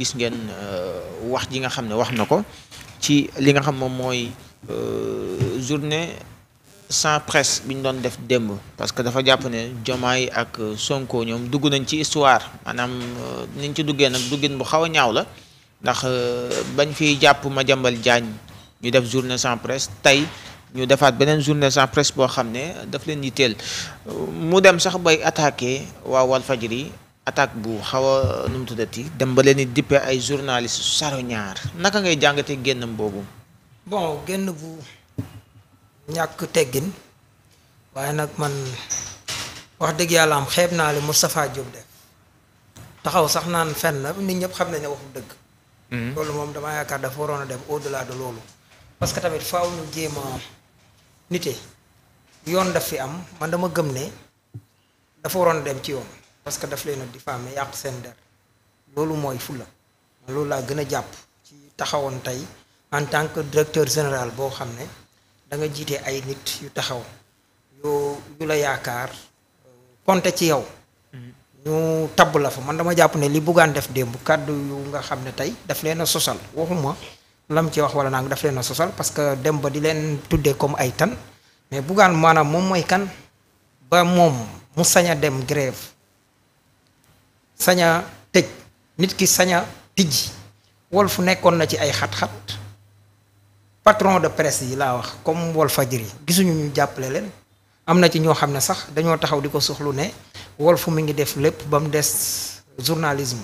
gis ngeen euh, wax ji nga xam ne wax na ko ci li nga xam moom mooy euh, journée sans presse bi ñu doon def démb parce que dafa jàpp ne Diomaye ak Sonko ñoom dugg nañ ci histoire maanaam euh, niñ ci duggee nag duggin bu xaw a ñaaw la ndax bañ fi jàpp Madiambal Diagne ñu def journée sans presse tey ñu defaat beneen journée sans presse boo xam ne daf leen yitteel mu dem sax bay attaqué waa Walfadjri attaque bu xaw a nu mu tuddati dem ba leen di dippe ay journaliste ñaar naka ngay jàngatee génnam boobu. bon génn bu ñàkk teggin waaye nag man wax dëgg yàlla am xeeb naa li Moustapha Diop def taxaw sax naan fenn nit ñëpp xam nañ ne waxul dëgg. Hmm. loolu moom dama yaakaar dafa waroon a dem au delà de loolu. parce que tamit faaw ñu jéem a yoon daf fi am man dama gëm ne dafa waroon a dem ci yoon. parce que daf leen a diffamé yàq seen der loolu mooy fulla loolu laa gën a jàpp ci taxawoon tey en tant que directeur général boo xam ne da nga jiite ay nit yu taxaw yoo yu la yaakaar konte euh, ci yow mm-hmm. ñu tabb la fa man dama jàpp ne li buggaan def démb kàddu yu nga xam ne tey daf leen a sosal waxuma lam ci wax wala naa daf leen a sosal parce que dem ba di leen tuddee comme ay tan mais buggaan maanaam moom mooy kan ba moom mu sañ a dem grève saña a tëj nit ki saña a tijji fu nekkoon na ci ay xat-xat patron de presse yi laa wax comme Walfadjri gisuñu ñu jàppale leen am na ci ñoo xam ne sax dañoo taxaw di ko suuxlu ne fu mi ngi def lépp ba mu des journalisme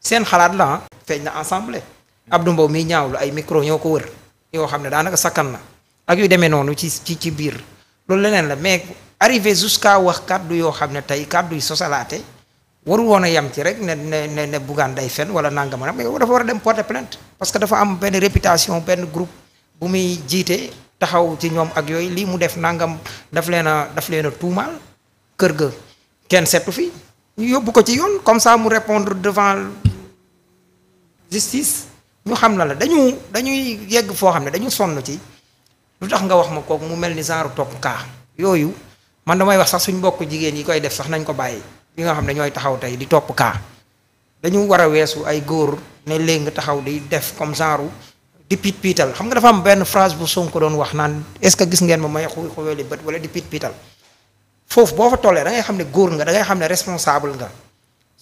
seen xalaat la ah. feeñ na ensemble Abdou Mbow mi ñaawlu ay micro ñoo ko wër yoo xam ne daanaka sakkan na ak yu demee noonu ci ci ci biir loolu leneen la mais arrivé jusqu'à wax kàddu yoo xam ne tey kàddu yi sosalaate waru woon a yem ci rek ne ne ne ne Bougane day fen wala nangam nag mais dafa war a dem porter plainte parce que dafa am benn réputation benn groupe bu muy jiite taxaw ci ñoom ak yooyu lii mu def nangam daf leen a daf leen a tuumaal kër ga kenn seetu fi ñu yóbbu ko ci yoon comme ça mu répondre devant justice ñu xam na la dañu dañuy yegg foo xam ne dañu sonn ci lu tax nga wax ma kook mu mel ni genre topp kaa yooyu man damay wax sax suñ mbokk jigéen yi koy def sax nañ ko bàyyi. yi nga xam ne ñooy taxaw tey di topp kaa dañu war a weesu ay góor ne léegi nga taxaw di def comme genre di piit piital xam nga dafa am benn phrase bu Sonko doon wax naan est-ce que gis ngeen ma may xuy xuweeli bët wala di piit piital foofu boo fa tollee da ngay xam ne góor nga da ngay xam ne responsable nga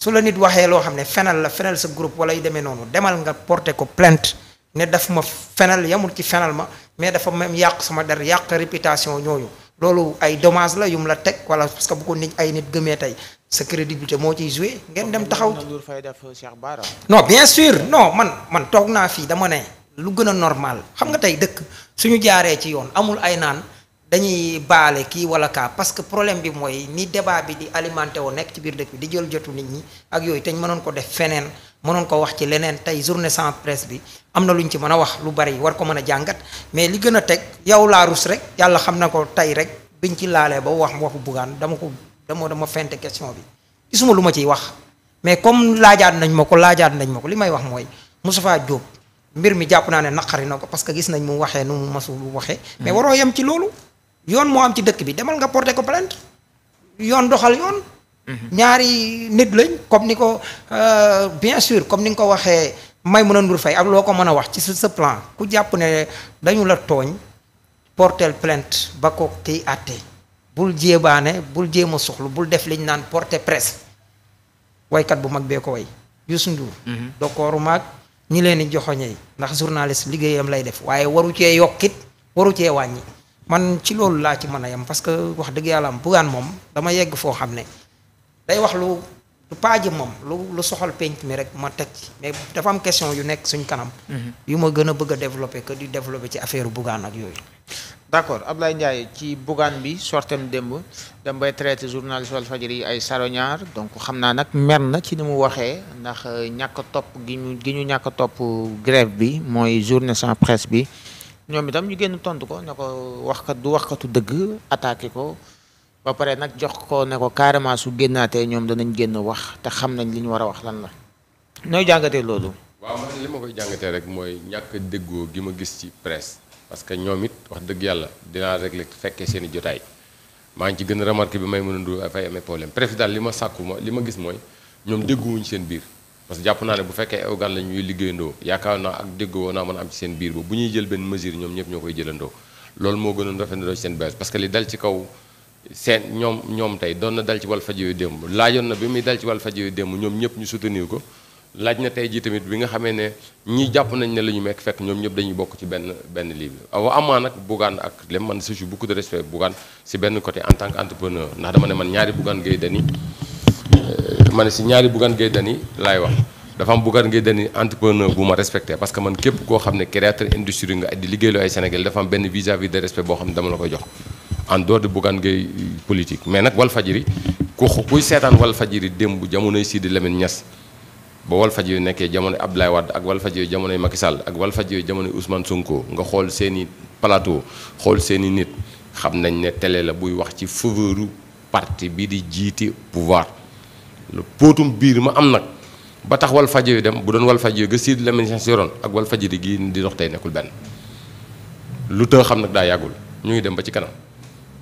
su la nit waxee loo xam ne fenal la fenal sa groupe wala yu demee noonu demal nga porté ko plainte ne daf ma fenal yamul ci fenal ma mais dafa même yàq sama der yàq réputation ñooñu loolu ay dommage la yu mu la teg wala parce que bu ko nit ay nit gëmee tey sa crédit bi crédibilité moo ci joué ngeen dem taxaw euh, no bien sûr non man man toog naa fii dama ne lu gën a normal xam nga tey dëkk su ñu jaaree ci yoon amul ay naan dañuy baale kii wala kaa parce que problème bi mooy ni débat bi di alimenté woo nekk ci biir dëkk bi di jël jotu nit ñi ak yooyu te ñu mënoon ko def feneen mënoon ko wax ci leneen tey journée sans presse bi am na lu ñu ci mën a wax lu bari war ko mën a jàngat mais li gën a teg yow laa rus rek yàlla xam na ko tey rek bi biñ ci laalee ba wax waxu buggaan dama ko dama dama fente question bi gisuma lu ma ciy wax mais comme laajaat nañ ma ko laajaat nañ ma ko li may wax mooy Moustapha Diop mbir mi jàpp naa ne naqari na ko parce que gis nañ mu waxee nu mu masul waxee mais waroo yem ci loolu yoon moo am ci dëkk bi demal nga porté ko plainte yoon doxal ñaari nit lañ comme ni ko euh, bien sûr comme ni nga ko waxee may Maimouna Ndour Faye ak loo ko mën a wax ci sa plan ku jàpp ne dañu la tooñ portel plainte ba kook kiy àtte bul jéebaane bul jéem a soxlu bul def liñ naan porté presse waykat bu mag bee ko yu Youssou Ndour mhm. dokooru maag ñi leen di joxoñey ndax journaliste liggéeyam lay def waaye waru cee yokkit waru cee wàññi man ci loolu laa ci mën a yem parce que wax dëgg yàlla am bugaan moom dama yegg foo xam ne day wax lu lu paaje moom lu lu soxal penc mi rek ma teg ci mais dafa am question yu nekk suñ kanam. Mhm. yu ma gën a bëgg a développer que di développer ci affaire bugaan ak yooyu. d' accord Ablaye Ndiaye ci bugaan bi sortem démb dem bay traité journaliste Walfadjri yi ay saroñaar donc xam naa nag men na ci ni mu waxee ndax euh, ñàkk topp gi ñu gi ñu ñàkk topp grève bi mooy journée sans presse bi. ñoom itam ñu génn tontu ko ne ko kat du wax katu dëgg attaqué ko ba pare nag jox ko ne ko carrément su génnaatee ñoom danañ génn wax te xam nañ li ñu war a wax lan la nooy jàngatee loolu. waaw man li ma koy jàngatee rek mooy ñàkk déggoo gi ma gis ci presse parce que ñoom it wax dëgg yàlla dinaa régler fekkee seen i jotaay maa ngi ci gën a remarqué bi may mën a dugg dafay amee problème président li ma sàkku li ma gis mooy ñoom dégguwuñ seen biir. parce que jàpp naa ne bu fekkee Ewgal la ñuy liggéeyandoo yaakaar naa ak déggoo naa mën a am ci seen biir ba bu ñuy jël benn mesure ñoom ñëpp ñoo koy jëlandoo loolu moo gënoon rafetandoo ci seen base parce que li dal ci ñoom ñoom tey doon na dal ci Walfadjri yu démb laajoon na bi muy dal ci Walfadjri yu démb ñoom ñëpp ñu soutenir ko laaj na tey jii tamit bi nga xamee ne ñi jàpp nañ ne la ñu mekk fekk ñoom ñëpp dañuy bokk ci benn benn livre awa amaa nag Bougane ak lem man surtout beaucoup de respect si benn côté en tant que entrepreneur ndax dama ne man ñaari Bougane Gueye Dany ma si ñaari Bougane Gueye Dany laay wax dafa am Bougane Gueye Dany entrepreneur bu ma respecté parce que man képp koo xam ne créateur industrie nga di liggéeyloo ay Sénégal dafa am benn vis-à-vis de respect boo xam ne dama la ko jox en dehors de Bougane Gueye euh, politique mais nag Walfadjri ku kuy seetaan Walfadjri démb jamonoy Sidi Lamine ñas ba Walfadjri nekkee jamono Abdoulaye wadd ak Walfadjri jamonoy Macky Sall ak Walfadjri jamonoy Ousmane Sonko nga xool seeni plateau xool seeni nit xam nañ ne télé la buy wax ci faveur parti bi di jiiti pouvoir lu póotum biir ma am nag ba tax wal fajo yu dem bu doon wal fajo yu ga Sidy Lamine Niass yoroon ak wal fajo di gii di dox tey nekkul benn lu tëx xam nag daa yàggul ñu ngi dem ba ci kanam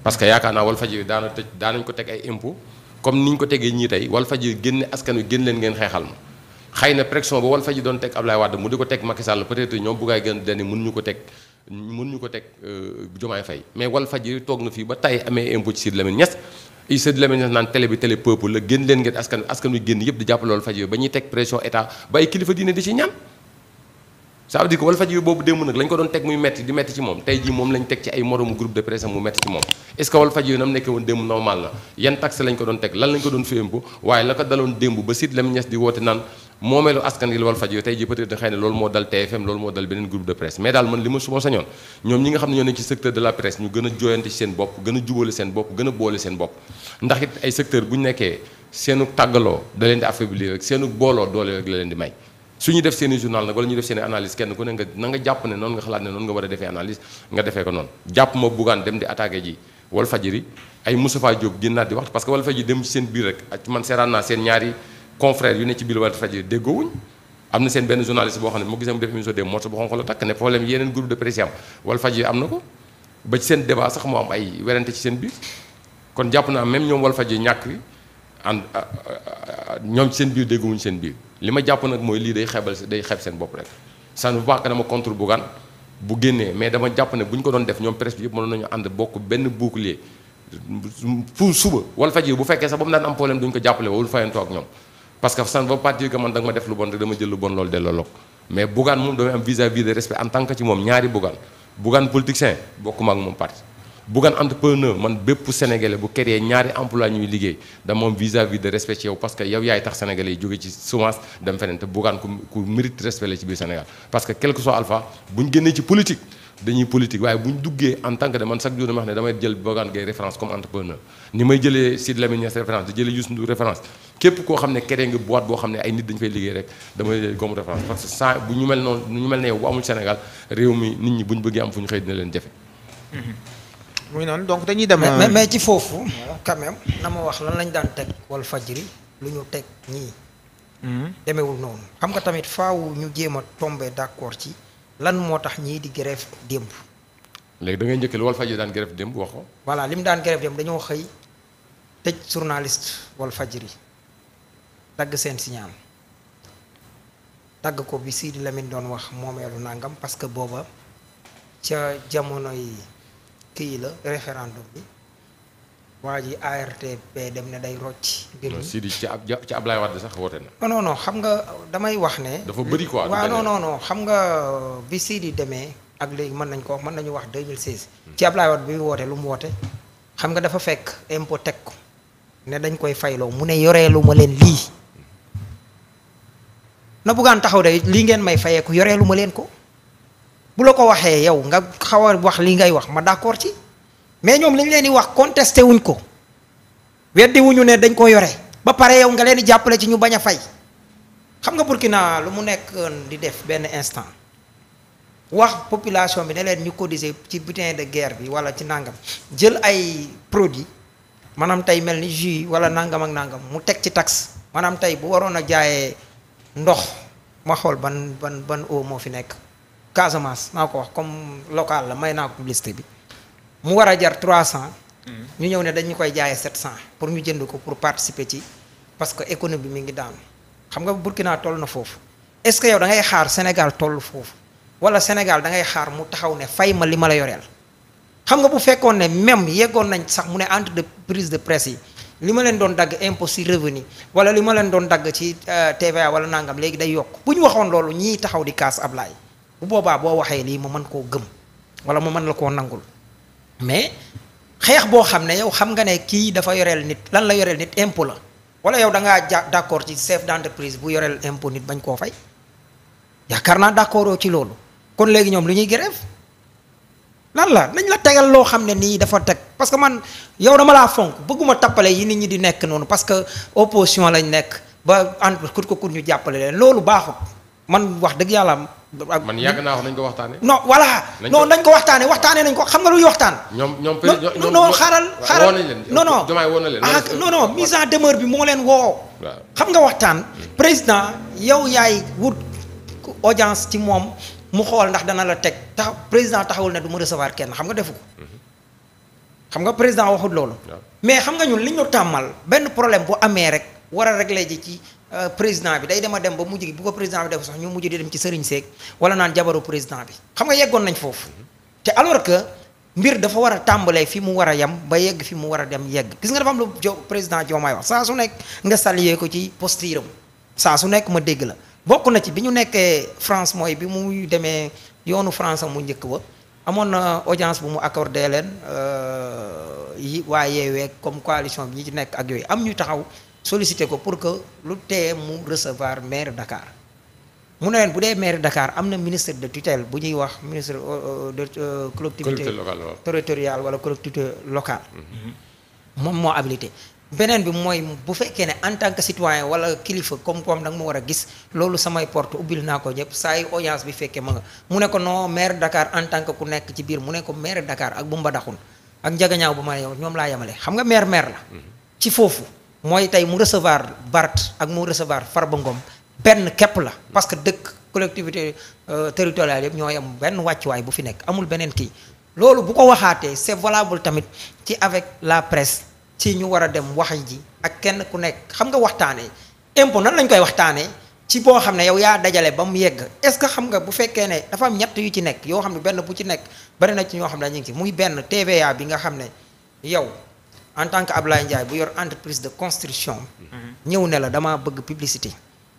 parce que yaakaar naa wal fajo yu daana tëj daanañ ko teg ay impôt comme niñ ko tegee ñii tey wal fajo yu génne askan wi génn ngeen xeexal ma xëy na pression ba wal fajo doon teg Ablaye Wade mu di ko teg Macky Sall peut-être ñoom buggaay gën dani mën ñu ko teg mën ñu ko teg euh, Diomaye Faye mais wal fajo yu toog na fii ba tey amee impôt ci Sidy Lamine Niass Issa di la mel naan télé bi télé peuple la génn leen ngeen askan askan wi génn yëpp di jàpp loolu faj ba ñuy teg pression état ba ay kilifa diine di ci ñaan ça veut dire que wala boobu démb nag lañ ko doon teg muy metti di metti ci moom tey jii moom lañ teg ci ay moromu groupe de presse mu metti ci moom est ce que wala faj nam nekkee woon démb normal na yan taxe lañ ko doon teg lan lañ ko doon féem waaye la ko daloon démb ba Sidy Lamine moomeelu askan gi Walfadjri tey ji peut être xëy na loolu moo dal TFM loolu moo dal beneen groupe de presse mais daal man li ma su sañoon ñoom ñi nga xam ne ñoo ne ci secteur de la presse ñu gën a jooyante ci seen bopp gën a jubale seen bopp gën a boole seen bopp ndax ay secteur bu nekkee seenu tàggaloo da di affaiblir rek seenu booloo doole rek la leen di may su ñu def seen i journal nag wala ñu def seen i analyse kenn ku ne na nga jàpp a defee analyse nga defee ko noonu jàpp ma buggaan dem di attaqué ji Walfadjri ay Moustapha parce que Walfadjri dem ci seen biir rek man seeraan naa seen ñaari confrère yu ne ci biir Walfadjri déggoowuñ am na seen benn journaliste boo xam ne moo gisee mu def émission de morceau bu xonq la takk ne problème yeneen groupe de presse am Walfadjri am na ko ba ci seen débat sax moo am ay werante ci seen biir kon jàpp naa même ñoom Walfadjri ñàkk wi ànd ah, ah, ah, ñoom ci seen biir déggoowuñ seen biir li ma jàpp nag mooy lii day xeebal day xeeb seen bopp rek ça ne veut pas que dama contre Bougane bu génnee mais dama jàpp ne bu ñu ko doon def ñoom presse bi yëpp mënoon nañu ànd bokk benn bouclier pour suba Walfadjri bu fekkee sax ba mu daan am problème duñ ko jàppale wawul fayantoo ak ñoom parce que ça ne veut pas dire que man da nga ma def lu bon rek dama jël lu bon loolu delloo la mais Bougane moom damay am vis vis de respect en tant ci moom ñaari Bougane Bougane politicien bokkuma ak moom parti Bougane entrepreneur man bépp sénégalais bu créé ñaari emploi ñuy liggéey dama am vis-à-vis de respect ci yow parce que yow yaay tax sénégalais yi jóge ci semence dem feneen te Bougane ku ku mérite respect la ci biir Sénégal parce que quel que soit alpha bu dañuy politique waaye bu ñu duggee en tant que de man chaque jour dama wax ne damay jël Bougane Gueye référence comme entrepreneur ni may jëlee Sidy Lamine Niass référence di jëlee Youssou Ndour référence képp koo xam ne créé nga boîte boo xam ne ay nit dañu fay liggéey rek damay jël comme référence parce que sans bu ñu mel noonu ñu mel ne yow bu amul Sénégal réew mi nit ñi bu ñu bëggee am fu ñu xëy dina leen jafe mhm. muy noonu donc dañuy dem mais mais euh, ci foofu quand même ma wax lan lañ daan teg wal fajri lu ñu teg ñii mhm. demeewul noonu xam nga tamit faaw ñu jéem a tombé d'accord ci lan moo tax ñii di grève démb. léegi da ngay njëkk lu Walfadjri daan grève démb wax ko. voilà li mu daan grève démb dañoo xëy tëj journaliste Walfadjri dagg seen signal dagg ko bi Sidi Lamine doon wax moomeelu nàngam parce que booba ca jamonoy kii la référendum bi. waa ji ARTP dem na day rocc. mbir mi Sidi ci ab ci Ablaye sax woote na. non xam nga damay wax ne. dafa bëri quoi waaw non xam nga euh, bi Sidi demee ak léegi mën nañ ko wax mën nañu wax 2016. Hmm. ci Ablaye Wade bi mu woote lu mu woote. xam nga dafa fekk impôt teg ko ne dañ koy fayloo mu ne yoreelu ma leen lii. na buggaan taxaw de lii ngeen may fayee ko yoreelu ma leen ko. bu la ko waxee yow nga xaw wax li ngay wax ma d'accord ci. mais ñoom li leen di wax contesté wuñ ko weddi wuñu ne dañ koo yore ba pare yow nga leen di jàppale ci ñu bañ a fay xam nga naa lu mu nekk di def benn instant wax population bi ne leen ñu cotiser ci butin de guerre bi wala ci nangam jël ay produit maanaam tey mel ni jus wala nangam ak nangam mu teg ci tax maanaam tey bu waroon a jaayee ndox ma xool ban ban ban eau moo fi nekk Casamance naa ko wax comme local la may naa ko publicité bi. mu war a jar trois cent. Mm-hmm. ñu ñëw ne dañu koy jaayee sept cent pour ñu jënd ko pour participer ci parce que économie bi mi ngi daan xam nga naa toll na foofu est-ce que yow da ngay xaar Sénégal toll foofu wala Sénégal da xaar mu taxaw ne fay ma li ma la yoreel. xam nga bu fekkoon ne même yeggoon nañ sax mu ne entreprise de presse yi li ma leen doon dagg impôt sur revenu wala li ma leen doon dagg ci euh, TVA wala nangam léegi day yokk bu ñu waxoon loolu ñii taxaw di kaas Ablaye bu boobaa boo waxee lii ma mën koo gëm wala ma mën la koo nangul. mais xeex boo xam ne yow xam nga ne kii dafa yoreel nit lan la yoreel nit impôt la wala yow da ngaa ja d'accord ci chef d'entreprise bu yoreel impôt nit bañ koo fay yaakaar naa d'accord ci loolu kon léegi ñoom lu ñuy grève lan la nañ la tegal loo xam ne nii dafa teg parce que man yow dama laa fonk bëgguma tappale yi nit ñi di nekk noonu parce que opposition lañ nekk ba entre kut ko kut ñu jàppale leen loolu baaxut man wax dëgg yàlla man yàgg naa wax nañ ko waxtaanee. non voilà non nañ ko waxtaanee waxtaanee nañ ko xam nga luy waxtaan. ñoom ñoom président ñoom non xaaral. xaaral non non Diomaye woo na leen. ah non non mise bi moo leen woo. xam nga waxtaan. président yow yaay wut audience ci moom mu xool ndax dana la teg tax président taxawul ne du mu recevoir kenn xam nga defu ko. Mhm. xam nga président waxut loolu. mais xam nga ñun li ñu tàmmal benn problème bu amee rek war a réglé ji ci. Euh, président bi day dema dem ba mujj gi bu ko président bi def sax ñu mujj dem ci sëriñ seeg wala naan jabaru président bi xam nga yeggoon nañ foofu te alors que mbir dafa war a tàmbalee fi mu war a yem ba yegg fi mu war a dem yegg gis nga dafa am lu jo président Diomaye wax saa su nekk nga saluer ko ci posture am saa su nekk ma dégg la bokk na ci bi ñu nekkee France mooy bi muy demee yoonu France mu njëkk ba amoon na audience bu mu accordé leen euh, yi waaye yeewee comme coalition bi ñi ci nekk ak yooyu am ñu taxaw sollicité ko pour que lu tee mu recevoir maire Dakar mu ne leen bu dee maire dakaar am na ministre de tutelle bu ñuy wax ministre euh, euh, de euh, collectivité territoriale wala collectivité locale mhm. mm-hmm. moom moo habilité beneen bi mooy bu fekkee ne en tant que citoyen wala kilifa comme comme nag nga war a gis loolu samay porte ubbil naa ko ñëpp saa yu audience bi fekkee ma nga mu ne ko non maire Dakar en tant que ku nekk ci biir mu ne ko maire Dakar ak bu mba daxun ak njagañaaw ma yow ñoom laa yemale xam nga maire maire la mhm. ci foofu mooy tey mu recevoir bart ak mu recevoir Farba Ngom benn képp la parce que dëkk collectivité euh, territoriale yëpp ñoo am benn wàccuwaay bu fi nekk amul beneen kii loolu bu ko waxaatee c'est volable tamit ci avec la presse ci ñu war a dem wax ji ak kenn ku nekk xam nga waxtaanee impôt nan lañ koy waxtaanee ci boo xam ne yow yaa dajale ba mu yegg est-ce que xam nga bu fekkee ne dafa am ñett yu ci nekk yoo xam ne benn bu ci nekk bari ci ñoo xam ne dañu ngi ci muy benn TVA bi nga xam ne yow. en tant que Ablaye Ndiaye bu yor entreprise de construction ñëw ne la damaa bëgg publicité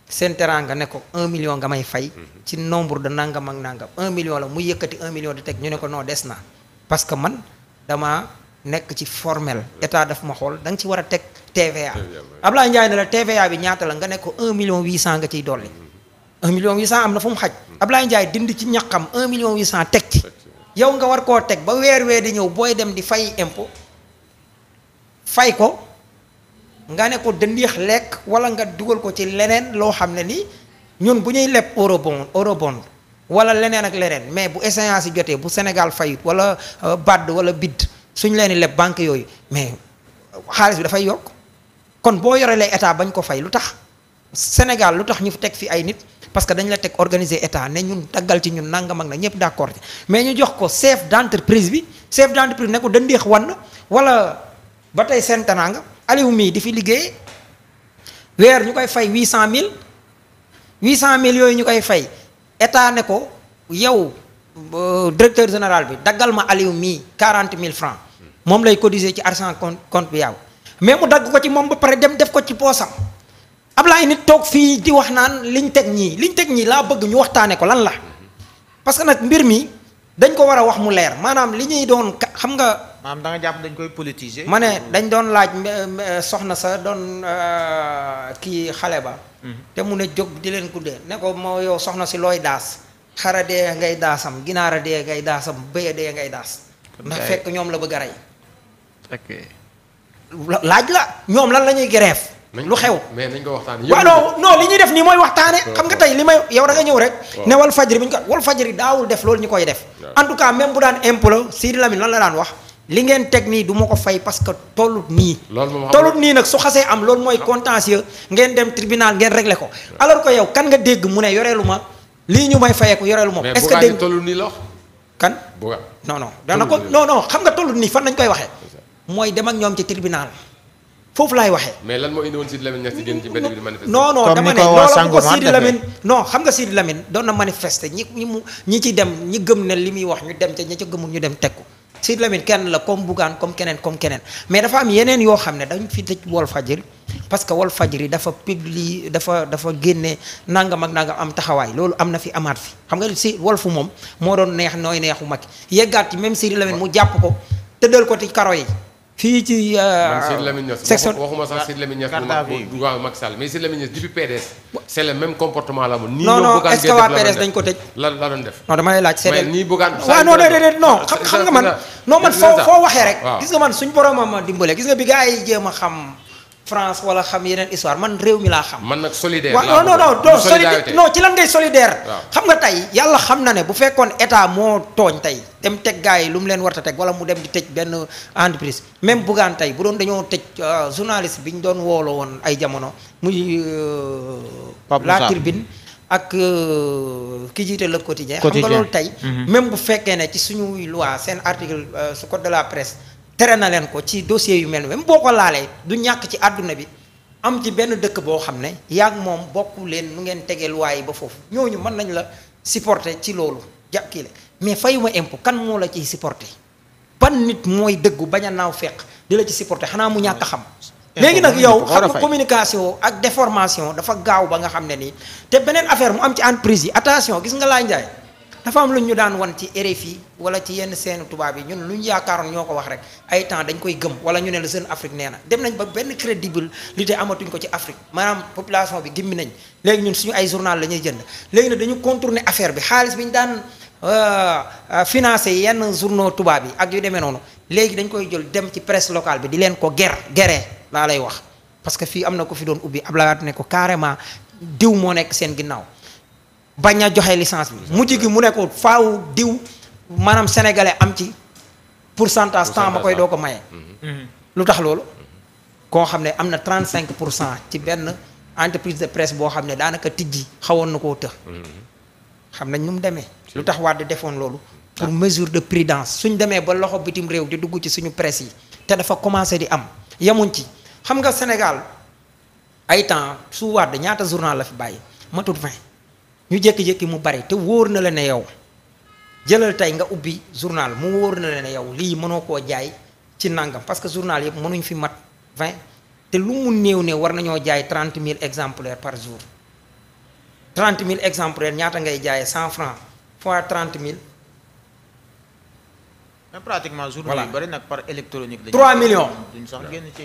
seen teraanga ne ko un million nga may fay ci nombre de nangam ak nangam un million la mu yëkkati un million di teg ñu ne ko non des na parce que man damaa nekk ci formel état daf ma xool da nga war a teg TVA Ablaye Ndiaye ne la bi ñaata la nga ne ko million huit cent nga ciy dolli un million huit am na fu mu xaj Ablaye Ndiaye dind ci ñaqam un million huit cent teg ci yow nga war koo teg ba weer weer di ñëw booy dem di fay impôt fay ko nga ne ko dëndiix lekk wala nga dugal ko ci leneen loo xam ne ni ñun bu ñuy leb eurobond eurobond wala leneen ak leneen mais bu échéance yi jotee bu Sénégal fay wala euh, BAD wala bidd suñ leen leb banque yooyu mais xaalis bi dafay yokk kon boo yorelee état bañ ko fay lu tax Sénégal lu tax ñu teg fi ay nit parce que dañ la teg organiser état ne ñun daggal ci ñun nangam mag na ñëpp d'accord mais ñu jox ko chef d'entreprise bi chef d'entreprise ne ko wan wala ba tey seen teraanga Aliou mii di fi liggéey weer ñu koy fay huit cent mille huit cent mille yooyu ñu koy fay état ne ko yow euh, directeur général bi daggal ma Aliou mii quarante mille francs moom lay cotiser ci argent compte compte bi yaaw mais mu dagg ko ci moom ba pare dem def ko ci poosam lay nit toog fii di wax naan liñ teg ñii liñ teg ñii laa bëgg ñu waxtaane ko lan la parce que nag mbir mi dañ ko war a wax mu leer maanaam li ñuy doon xam nga. maanaam da jàpp dañ koy politiser. ma ne dañ doon laaj soxna sa doon euh, kii xale ba. Mhm. te mu ne jóg di leen guddee ne ko moo yow soxna si looy daas. xara dee ngay daasam ginaara dee ngay daasam bëya dee ngay daas. ndax fekk ñoom la bëgg a rey. ok. laaj la ñoom lan la ñuy grève lu xew mais nañ ko li ñuy def nii mooy waxtaane xam nga tey li may yow da ñëw rek. ne wal fajri bi ñu ko wal fajri daawul def loolu ñu koy def. en tout cas bu daan impôt la Sidi Lamine lan la daan wax. li ngeen teg nii du ma ko fay parce que tollut nii. tollut nii nag su xasee am loolu mooy contentieux ngeen dem tribunal ngeen réglé ko. alors ko yow kan nga dégg mu ne yoreelu ma lii ñu may fayee ko yoreelu ma. est-ce que dégg tollu nii la kan. dana ko non non xam nga tollut nii fan lañ koy waxee. mooy dem ak ci tribunal foofu laay waxee. mais lan moo indi woon Sidi Lamine Niass ci génn ci ko Sidi Lamine non xam nga Sidi Lamine doon na manifester ñi ñi mu ñi ci dem ñi gëm ne li muy wax ñu dem ca ñi ca gëmul ñu dem teg ko Sidy kenn la comme Bougane comme keneen comme keneen mais dafa am yeneen yoo xam ne dañ fi tëj Walf Fadjri parce que Walf yi dafa publie dafa dafa génne nangam mag nangam am taxawaay loolu am na fi amaat fi xam nga si fu moom moo doon neex nooy neexu mag yeggaat yi même Sidy Lamine mu jàpp ko tëddal ko ti karo yi. fii ci. Euh, man Sidy Lamine Niass waxuma sax Sidy Lamine Niass bu mag bu waaw Macky Sall mais Sidy Lamine Niass depuis PDS. c'est le comportement la amoon. nii ñoom Bougane dañ ko tëj. la doon def non damay laaj. mais nii Bougane. waaw non xam nga man. non man foo waxee rek. gis nga man suñu boromam ma dimbale gis nga bi gars jéem a xam France wala xam yeneen histoire man réew mi laa xam. man nag solidaire waaw non non non solidaire non ci lan ngay solidaire. xam nga tey yàlla xam na ne bu fekkoon état moo tooñ tey dem teg gars yi lu mu leen war a teg wala mu dem di tëj benn entreprise même Bougane tey bu doon dañoo tëj euh, journaliste bi ñu doon woolo woon ay jamono muy. Euh, la Tribune. ak euh, ki jiite le quotidien xam nga loolu tey mhm. même bu fekkee ne ci suñuy loi seen article su code de la presse tere na leen ko ci dossier yu mel ni même boo ko laalee du ñàkk ci àdduna bi am ci benn dëkk boo xam ne yaa moom bokk leen nu ngeen tegeel waaye ba foofu ñooñu mën nañ la supporter ci loolu jàkki la mais fayuma impôt kan moo la ci supporter ban nit mooy dëggu bañ a naaw fekk di la ci supporter xanaa mu ñàkk xam léegi nag yow xam nga communication ak deformation dafa gaaw ba nga xam ne nii te beneen affaire mu am ci entreprise yi attention gis nga laa njaay dafa am lu ñu daan wan ci RFI wala ci yenn seen tubaab yi ñun lu ñu yaakaaroon ñoo ko wax rek ay temps dañ koy gëm wala ñu ne la seen Afrique neena na dem nañ ba benn li crédibilité amatuñ ko ci Afrique maanaam population bi gimmi nañ léegi ñun suñu ay journal la ñuy jënd léegi na dañu contourner affaire bi xaalis bi ñu daan euh, euh, financé yenn journaux tubaab yi ak yu demee noonu léegi dañ koy jël dem ci presse locale bi di leen ko ger geree laa lay wax parce que fii am na ko fi doon ubbi Abdoulaye Wade ne ko carrément diw moo nekk seen ginnaaw bañ a joxe licence bi mu ne ko faaw diw maanaam sénégalais am ci pour pourcentage temps ma koy doo ko maye. Mhm. Mhm. lu tax loolu koo xam ne am na trent cinq pour cent ci benn entreprise de presse boo xam ne daanaka tijji xawoon na koo tëx mhm. xam nañ nu mu demee lu tax Wade defoon loolu ah. pour mesure de prudence suñ demee ba loxo bitim réew di dugg ci suñu presse yi te dafa commencé di am yemuñ ci xam nga Sénégal ay temps su Wade ñaata journal la fi bàyyi matul 20 ñu jékki-jékki mu bari te wóor na la ne yow jëlal tey nga ubbi journal mu wóor na la ne yow lii mënoo koo jaay ci nangam parce que journal yëpp mënuñ fi mat 20 te lu mu néew ne war nañoo jaay 30 000 exemplaires par jour trent mille exemplaires ñaata ngay jaay cent francs fois 30 mille mais pratiquement journal voilà. bari nag par électronique. 3 millions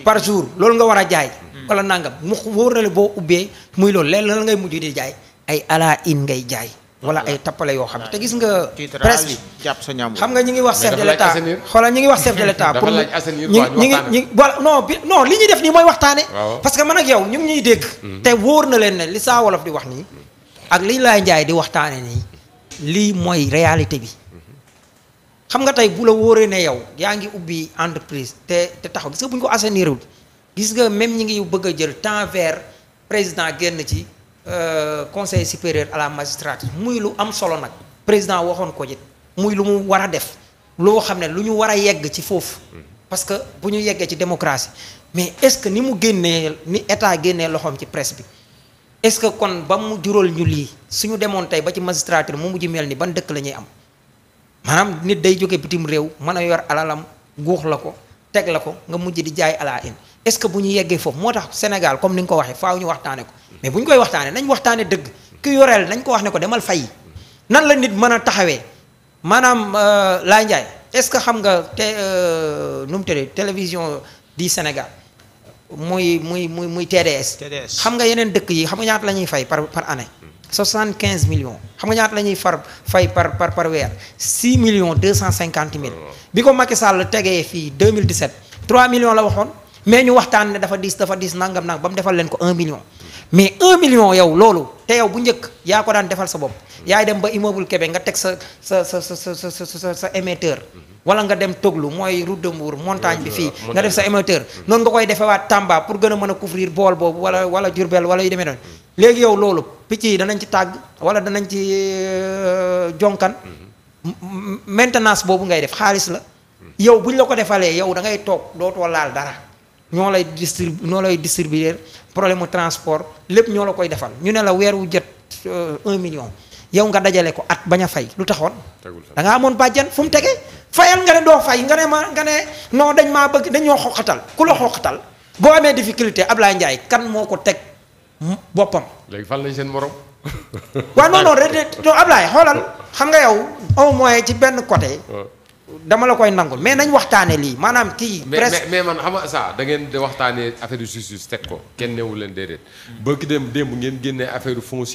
par jour loolu nga war a jaay. Hmm. wala nangam mu wóor na la boo ubbee muy loolu léeg-léeg ngay mujj di jaay. ay ala in ngay jaay. wala ay tappale yoo xam te gis nga. presse bi jàpp sa xam nga ñu ngi wax chef de l'état xoolal ñu ngi wax chef de l'état pour ñu ngi ñi bi non li ñuy def nii mooy waxtaane parce que man ak yow ñu ngi ñuy dégg. Mhm. te wóor na leen ne li sa wolof di wax nii. ak li laay njaay di waxtaane nii. lii mooy réalité bi. xam nga tey bu la wóoree ne yow yaa ngi ubbi entreprise te te taxaw gis nga bu ñu ko assainirul gis nga même ñi ngi bëgg a jël temps vert président génn ci. Euh, conseil supérieur à la magistrature muy lu am solo nag président waxoon ko jit muy lu mu war a def loo xam ne lu ñu war a yegg ci foofu parce que bu ñu yeggee ci démocratie mais est-ce que ni mu génnee ni état génnee loxoom ci presse bi est-ce que kon ba mu juróol ñu lii suñu demoon tey ba ci magistrature mu mujj mel ni ban dëkk la ñuy am maanaam nit day jóge bitim réew mën a yor alalam guux la ko teg la ko nga mujj di jaay ala in est-ce que bu ñu yeggee foofu moo tax Sénégal comme ni nga ko waxee faaw ñu waxtaane ko mais bu ñu koy waxtaanee nañ waxtaane dëgg ki yoreel nañ ko wax ne ko demal fay nan la nit mën a taxawee maanaam euh, Laye Ndiaye est-ce que xam nga te euh, nu mu tëddee télévision di Sénégal muy muy muy muy TDS. TDS xam nga yeneen dëkk yi xam nga ñaata la ñuy fay par par anne année. 75 millions xam nga ñaata la ñuy far fay par par par weer 6 cent 250 mille. Oh. bi ko Macky Sall tegee fii 2017 3 millions la waxoon. mais ñu waxtaan ne dafa diis dafa diis nangam nang ba mu defal leen ko un million mais un million yow loolu te yow bu njëkk yaa ko daan defal sa bopp yaay dem ba immeuble Kébé nga teg sa sa sa sa sa sa sa sa émetteur wala nga dem Toglu mooy route de Mbour montagne bi fii nga def sa émetteur noonu nga koy defewaat Tamba pour gën a mën a couvrir bool boobu wala wala Diourbel wala yu demee noonu léegi yow loolu picc yi danañ ci tàgg wala danañ ci euh, jonkan maintenance boobu ngay def xaalis la yow buñ la ko defalee yow da ngay toog dootoo laal dara ñoo lay distrib ñoo lay distribuer problème mu transport lépp ñoo la koy defal ñu ne la weer wu jot euh, un million yow nga dajale ko at bañ a fay lu taxoon. da nga amoon bàjjan fu mu tegee fayal nga ne doo fay nga ne ma nga ne noo dañ maa bëgg dañoo xoqatal ku la xoqatal boo amee difficulté Ablaye Ndiaye kan moo ko teg boppam. léegi fan lañ seen morom. waaw non non xoolal xam nga yow au moins ci benn côté. dama la koy nangul mais nañ waxtaane lii maanaam kii. presque mais man xam nga ça ngeen di waxtaanee affaire yu justice teg ko kenn newu leen déedéet. ba ki dem démb ngeen génnee affaire foncière